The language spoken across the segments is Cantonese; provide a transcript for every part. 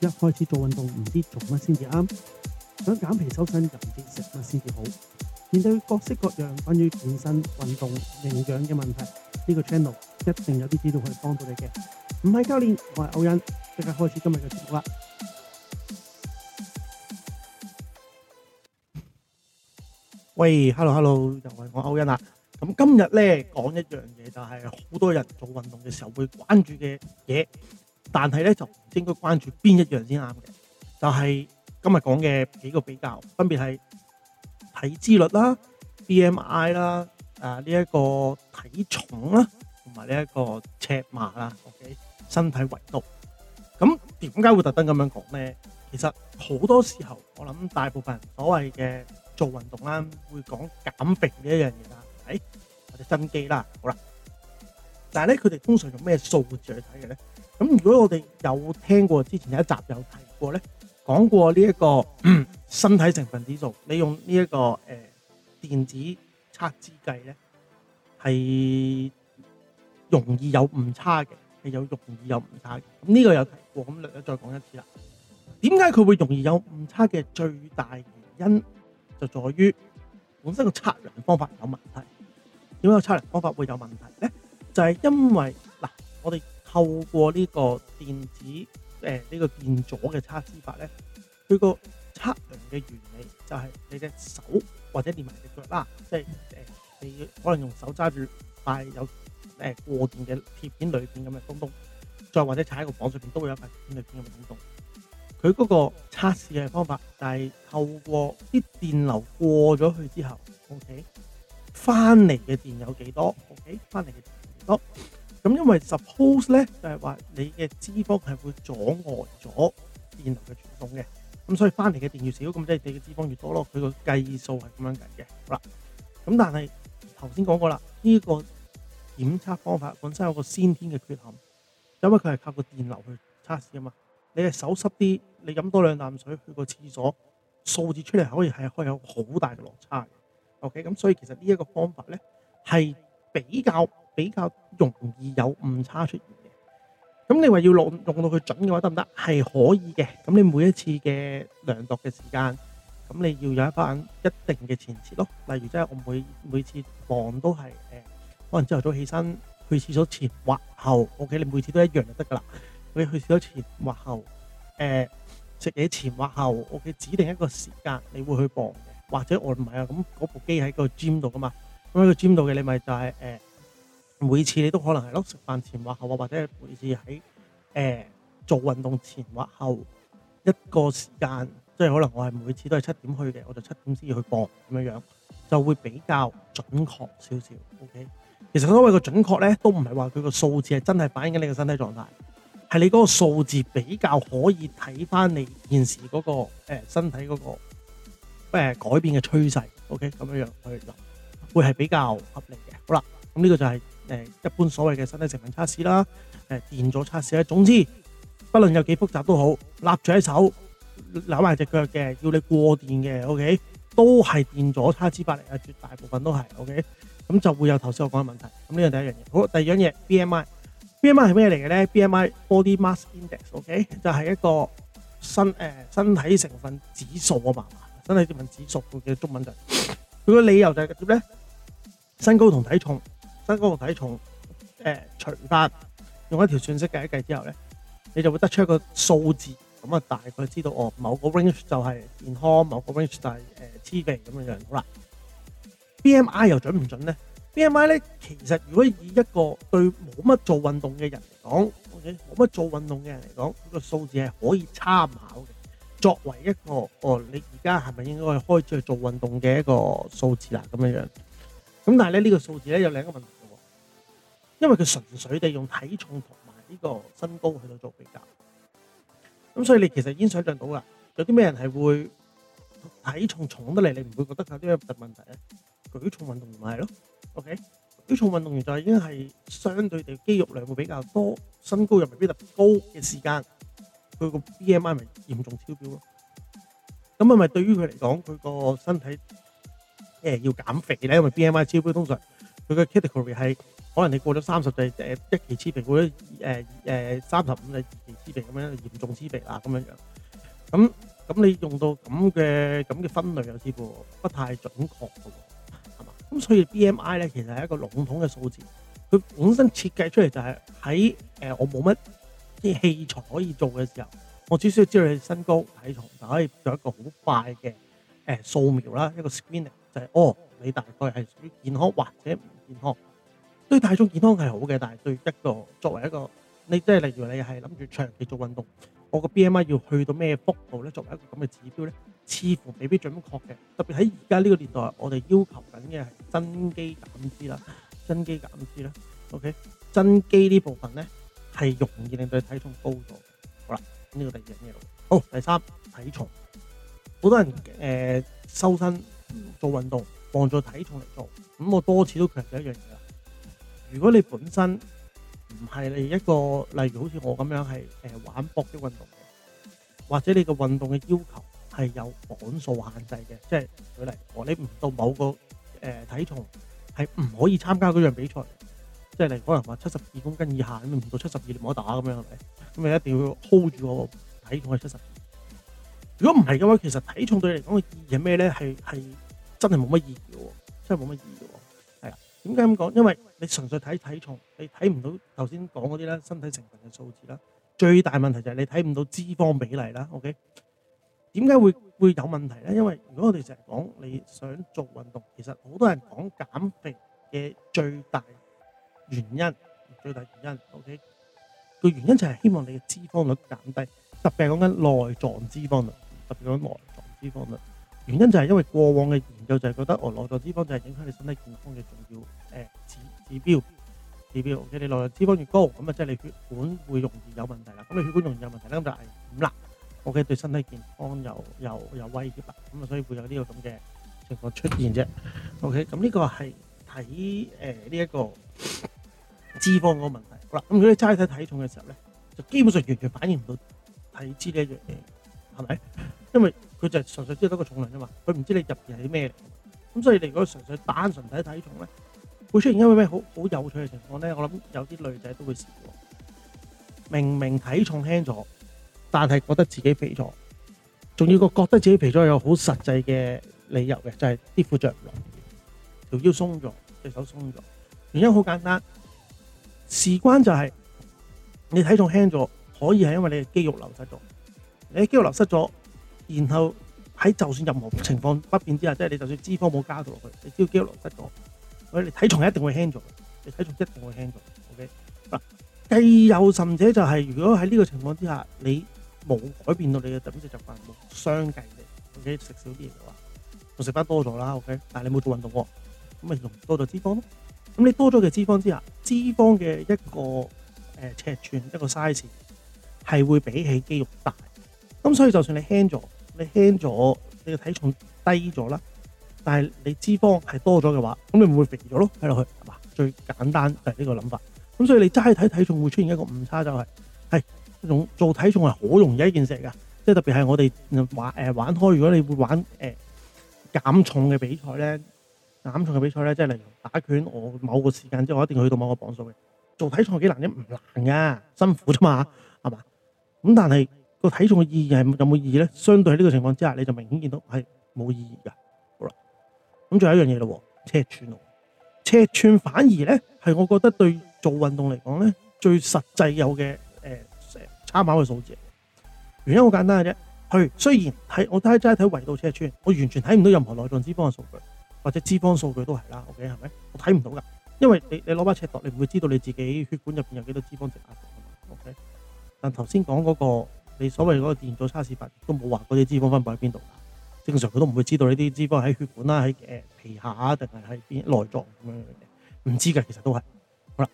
一開始做運動唔知做乜先至啱，想減肥瘦身又唔知食乜先至好。面對各式各樣關於健身、運動、營養嘅問題，呢個 channel 一定有啲資料可以幫到你嘅。唔係教練，我係歐恩，即刻開始今日嘅節目啦！喂，hello hello，又係我歐恩啊。咁今日咧講一樣嘢，就係好多人做運動嘅時候會關注嘅嘢。但係咧，就唔應該關注邊一樣先啱嘅，就係今日講嘅幾個比較，分別係體脂率啦、BMI 啦，誒呢一個體重啦，同埋呢一個尺碼啦。OK，身體維度。咁點解會特登咁樣講咧？其實好多時候，我諗大部分人所謂嘅做運動啦，會講減肥呢一樣嘢啦，係或者增肌啦。好啦，但係咧，佢哋通常用咩數字去睇嘅咧？咁如果我哋有聽過之前有一集有提過咧，講過呢一個身體成分指數，你用呢一個誒電子測脂計咧，係容易有誤差嘅，係有容易有誤差嘅。咁呢個有提過，咁略一再講一次啦。點解佢會容易有誤差嘅最大原因，就在於本身個測量方法有問題。點解個測量方法會有問題咧？就係因為嗱，我哋。透過呢個電子誒呢、呃這個電阻嘅測試法咧，佢個測量嘅原理就係你隻手或者連埋隻腳啦，即係誒，你可能用手揸住塊有誒過電嘅貼片裏邊咁嘅東東，再或者踩喺個房上面都有一塊貼片裏邊咁嘅東東。佢嗰個測試嘅方法就係透過啲電流過咗去之後，O K，翻嚟嘅電有幾多？O K，翻嚟嘅電有幾多。咁因為 suppose 咧，就係話你嘅脂肪係會阻礙咗電流嘅傳送嘅，咁所以翻嚟嘅電越少，咁即係你嘅脂肪越多咯。佢個計數係咁樣計嘅，好啦。咁但係頭先講過啦，呢一個檢測方法本身有個先天嘅缺陷，因為佢係靠個電流去測試啊嘛。你係手濕啲，你飲多兩啖水去個廁所，數字出嚟可以係可以有好大嘅落差嘅。OK，咁所以其實呢一個方法咧係比較，比較容易有誤差出現嘅。咁你話要用用到佢準嘅話得唔得？係可以嘅。咁你每一次嘅量度嘅時間，咁你要有一番一定嘅前設咯。例如即係我每每次磅都係誒，可能朝頭早起身去廁所前或後。O K，你每次都一樣就得㗎啦。你去廁所前或後，誒食嘢前或後。O K，指定一個時間你會去磅嘅，或者我唔係啊。咁嗰部機喺個 gym 度㗎嘛，咁喺個 gym 度嘅你咪就係誒。每次你都可能係咯，食飯前或後啊，或者每次喺誒做運動前或後一個時間，即係可能我係每次都係七點去嘅，我就七點先至去磅咁樣樣，就會比較準確少少。OK，其實所謂嘅準確咧，都唔係話佢個數字係真係反映緊你個身體狀態，係你嗰個數字比較可以睇翻你現時嗰個誒身體嗰個誒改變嘅趨勢。OK，咁樣樣去諗會係比較合理嘅。好啦，咁呢個就係。誒，一般所謂嘅身體成分測試啦，誒，電阻測試啦，總之不論有幾複雜都好，立住喺手扭埋隻腳嘅，叫你過電嘅，OK，都係電阻測試法嚟嘅，絕大部分都係，OK，咁就會有頭先我講嘅問題，咁呢樣第一樣嘢，好，第二樣嘢，BMI，BMI 係咩嚟嘅咧？BMI Body Mass Index，OK，就係一個身誒身體成分指數啊嘛，身體成分指數佢嘅中文就係，佢個理由就係點咧？身高同體重。身高同體重，誒除翻，用一條算式計一計之後咧，你就會得出一個數字，咁啊大概知道哦某個 range 就係健康，某個 range 就係誒黐肥咁樣樣好啦。BMI 又準唔準咧？BMI 咧其實如果以一個對冇乜做運動嘅人嚟講，或者冇乜做運動嘅人嚟講，佢個數字係可以參考嘅，作為一個哦你而家係咪應該開始去做運動嘅一個數字啦咁樣樣。咁但係咧呢個數字咧有兩個問題。因為佢純粹地用體重同埋呢個身高去到做比較，咁所以你其實已經想象到噶，有啲咩人係會體重重得嚟，你唔會覺得佢有啲特別問題咧？舉重運動員係咯，OK？舉重運動員就係已經係相對地肌肉量會比較多，身高又未必特別高嘅時間，佢個 BMI 咪嚴重超標咯。咁啊，咪對於佢嚟講，佢個身體誒要減肥咧，因為 BMI 超標，通常佢個 category 係。可能你過咗三十就係誒一期痴肥，或者誒誒三十五就二期痴肥咁樣嚴重痴肥啦咁樣樣。咁咁你用到咁嘅咁嘅分類，又似乎不太準確嘅喎，係嘛？咁所以 BMI 咧其實係一個籠統嘅數字，佢本身設計出嚟就係喺誒我冇乜啲器材可以做嘅時候，我只需要知道你身高體重就可以做一個好快嘅誒掃描啦，一個 screening 就係哦你大概係屬於健康或者唔健康。對大眾健康係好嘅，但係對一個作為一個你即係例如你係諗住長期做運動，我個 BMI 要去到咩幅度咧？作為一個咁嘅指標咧，似乎未必準確嘅。特別喺而家呢個年代，我哋要求緊嘅係增肌減脂啦，增肌減脂啦。OK，增肌呢部分咧係容易令到體重高咗。好啦，呢個第二樣嘢。好，第三體重，好多人誒修身做運動，望住體重嚟做，咁我多次都強調一樣嘢啦。如果你本身唔係你一個例如好似我咁樣，係誒玩搏擊運動，或者你嘅運動嘅要求係有磅數限制嘅，即係舉例我你唔到某個誒體重係唔可以參加嗰樣比賽，即係你可能話七十二公斤以下咁，唔到七十二你冇得打咁樣係咪？咁你一定要 hold 住個體重係七十二。如果唔係嘅話，其實體重對你嚟講嘅意義係咩咧？係係真係冇乜意義嘅，真係冇乜意義嘅。點解咁講？因為你純粹睇體重，你睇唔到頭先講嗰啲啦，身體成分嘅數字啦。最大問題就係你睇唔到脂肪比例啦。OK？點解會會有問題咧？因為如果我哋成日講你想做運動，其實好多人講減肥嘅最大原因，最大原因，OK？個原因就係希望你嘅脂肪率減低，特別係講緊內臟脂肪率，特別係講緊內臟脂肪率。原因就係因為過往嘅研究就係覺得哦，內臟脂肪就係影響你身體健康嘅重要誒指指標指標。O.K. 你內臟脂肪越高，咁啊即係你血管會容易有問題啦。咁你血管容易有問題咧，咁就係咁啦。O.K. 對身體健康又又有威脅啊。咁啊，所以會有呢個咁嘅情況出現啫。O.K. 咁呢個係睇誒呢一個脂肪個問題。好啦，咁如果你齋睇體重嘅時候咧，就基本上完全反映唔到體脂呢樣嘢，係咪？因為佢就係純粹只係得個重量啫嘛，佢唔知你入邊係咩，咁所以你如果你純粹單純睇體，體重咧，會出現因為咩好好有趣嘅情況咧。我諗有啲女仔都會試過，明明體重輕咗，但係覺得自己肥咗，仲要個覺得自己肥咗有好實際嘅理由嘅，就係啲褲着唔落，條腰鬆咗，隻手鬆咗。原因好簡單，事關就係、是、你體重輕咗，可以係因為你嘅肌肉流失咗，你嘅肌肉流失咗。然後喺就算任何情況不變之下，即係你就算脂肪冇加到落去，你只要肌肉流失咗，佢你體重係一定會輕咗嘅，你體重一定會輕咗。O K 嗱，更有甚者就係如果喺呢個情況之下，你冇改變到你嘅特別食習慣，冇相計嘅，O K 食少啲嘢嘅話，仲食得多咗啦。O K，但係你冇做運動喎，咁咪容多咗脂肪咯。咁你多咗嘅脂肪之下，脂肪嘅一個誒尺寸一個 size 係會比起肌肉大，咁所以就算你輕咗。你輕咗，你嘅體重低咗啦，但係你脂肪係多咗嘅話，咁你會唔會肥咗咯？睇落去係嘛？最簡單就係呢個諗法。咁所以你齋睇體重會出現一個誤差，就係係做做體重係好容易一件事嘅，即係特別係我哋玩誒玩開，如果你會玩誒減、呃、重嘅比賽咧，減重嘅比賽咧，即係例如打拳，我某個時間之後我一定要去到某個磅數嘅。做體重幾難啲？唔難嘅，辛苦咋嘛？係嘛？咁但係，體重嘅意義係有冇意義咧？相對喺呢個情況之下，你就明顯見到係冇意義噶。好啦，咁仲有一樣嘢咯，尺寸咯，尺寸反而咧係我覺得對做運動嚟講咧最實際有嘅誒參考嘅數字。原因好簡單嘅啫，佢雖然係我齋齋睇圍度尺寸，我完全睇唔到任何內臟脂肪嘅數據，或者脂肪數據都係啦，OK 係咪？我睇唔到噶，因為你你攞把尺度，你唔會知道你自己血管入邊有幾多脂肪積壓。OK，但頭先講嗰個。你所謂嗰個電阻測試法都冇話嗰啲脂肪分布喺邊度啦，正常佢都唔會知道呢啲脂肪喺血管啦，喺誒皮下定係喺邊內臟咁樣嘅，唔知嘅其實都係。好啦，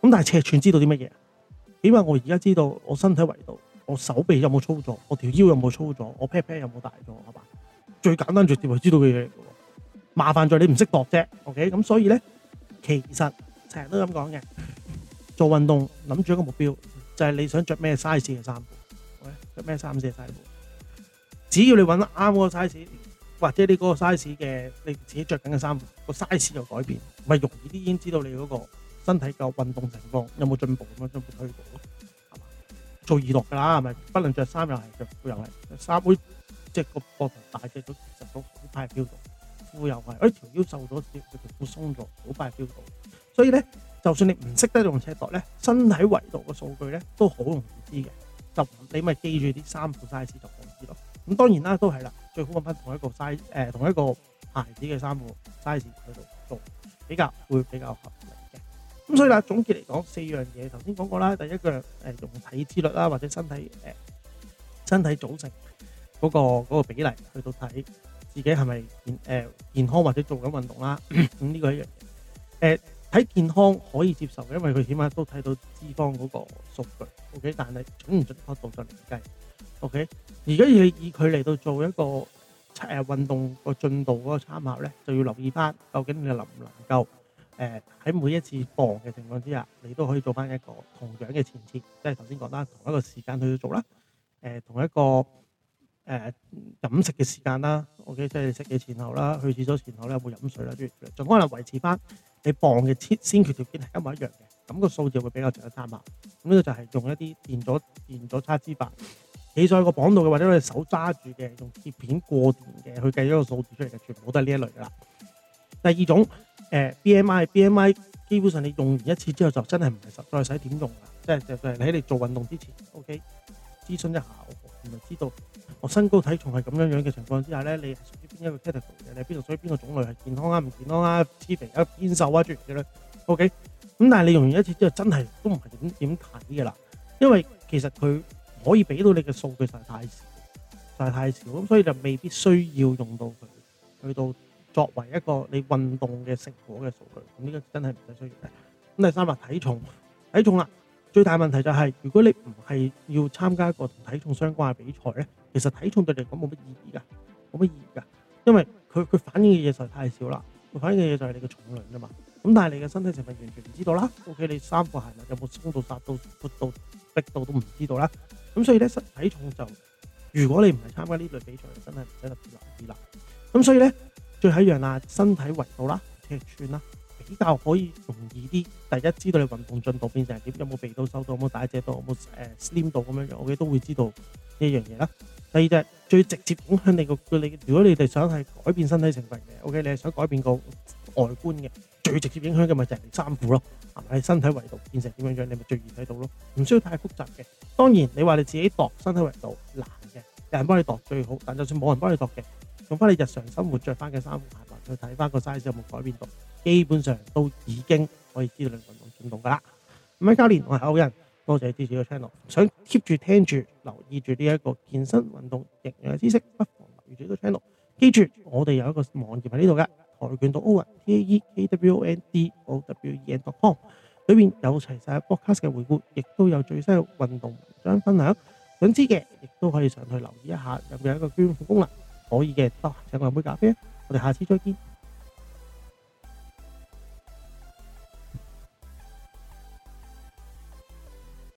咁但係尺寸知道啲乜嘢？起碼我而家知道我身體圍度，我手臂有冇操作，我條腰有冇操作，我 pair pair 有冇大咗，係嘛？最簡單直接係知道嘅嘢嚟嘅喎。麻煩在你唔識度啫，OK？咁所以咧，其實成日都咁講嘅，做運動諗住一個目標，就係你想着咩 size 嘅衫。着咩 size 嘅衫？只要你揾得啱嗰個 size，或者你嗰個 size 嘅你自己着緊嘅衫，個 size 有改變，咪容易啲。已經知道你嗰個身體個運動情況有冇進步咁樣，就推到咯。做娛樂噶啦，係咪？不論着衫又係着褲又係，衫會即係個膊頭大咗，其實都好快飄動；褲又係，哎條腰瘦咗少，條褲鬆咗，好快飄動。所以咧，就算你唔識得用尺度咧，身體圍度嘅數據咧，都好容易知嘅。就你咪記住啲衫褲 size 就夠啲咯。咁當然啦，都係啦，最好揾翻同一個 size 誒，同一個牌子嘅衫褲 size 去到做比較會比較合理嘅。咁所以啦，總結嚟講四樣嘢，頭先講過啦。第一個誒，用體脂率啦，或者身體誒身體組成嗰個嗰個比例去到睇自己係咪健誒健康或者做緊運動啦。咁呢個一樣誒。喺健康可以接受嘅，因為佢起碼都睇到脂肪嗰個數據，OK。但係準唔準確度就另計，OK。而家要以佢嚟到做一個誒運動個進度嗰個參考咧，就要留意翻究竟你能唔能夠誒喺每一次磅嘅情況之下，你都可以做翻一個同樣嘅前設，即係頭先講啦，同一個時間去做啦，誒同一個誒飲食嘅時間啦，OK，即係食嘅前後啦，去廁所前後咧有冇飲水啦，諸如此類，儘可能維持翻。你磅嘅先決條件係一模一樣嘅，咁個數字會比較值得參考。咁呢度就係用一啲電阻電阻測脂法，企喺個磅度嘅，或者你手揸住嘅用鐵片過電嘅去計咗個數字出嚟嘅，全部都係呢一類噶啦。第二種誒 B M I B M I 基本上你用完一次之後就真係唔係實在使點用啦，即係就係喺你做運動之前，O K 諮詢一下，就知道我身高體重係咁樣樣嘅情況之下咧，你係屬於邊一個 category 嘅？你係邊度？屬於邊個種類係健康啊？唔健康啊？黐肥啊？偏瘦啊？諸如此類。OK，咁但係你用完一次之後，真係都唔係點點睇噶啦，因為其實佢可以俾到你嘅數據實在太少，實在太少咁，所以就未必需要用到佢，去到作為一個你運動嘅成果嘅數據。咁呢個真係唔使需要睇。咁第三啊，體重，體重啦。最大問題就係、是，如果你唔係要參加一個同體重相關嘅比賽咧，其實體重對你嚟講冇乜意義㗎，冇乜意義㗎，因為佢佢反映嘅嘢實在太少啦，佢反映嘅嘢就係你嘅重量啫嘛。咁但係你嘅身體成分完全唔知道啦，O.K. 你衫褲鞋襪有冇鬆到達到闊到逼到都唔知道啦。咁所以咧，體重就如果你唔係參加呢類比賽，真係唔使特別留意啦。咁所以咧，最後一樣啦，身體圍度啦，尺寸啦。比較可以容易啲。第一，知道你運動進度變成點，有冇肥到瘦到，有冇大隻到，有冇誒 slim 到咁樣樣，我哋都會知道呢一樣嘢啦。第二隻最直接影響你個，你如果你哋想係改變身體成分嘅，OK，你係想改變個外觀嘅，最直接影響嘅咪就係你衫褲咯，同埋你身體圍度變成點樣樣，你咪最易睇到咯。唔需要太複雜嘅。當然你話你自己度身體圍度難嘅，有人幫你度最好，但就算冇人幫你度嘅，用翻你日常生活著翻嘅衫褲鞋襪去睇翻個 size 有冇改變到，基本上都已經可以知道你運動進度噶啦。咁喺教練我係 Owen，多謝支持個 channel。想 keep 住聽住、留意住呢一個健身運動營養知識，不妨留意住呢個 channel。記住，我哋有一個網頁喺呢度噶，跆拳道 O N T A E K W O N D O W E N dot com，裏面有齊晒 broadcast 嘅回顧，亦都有最新嘅運動文章分享。想知嘅亦都可以上去留意一下，入面有一個捐款功能，可以嘅，得請我飲杯咖啡，我哋下次再見。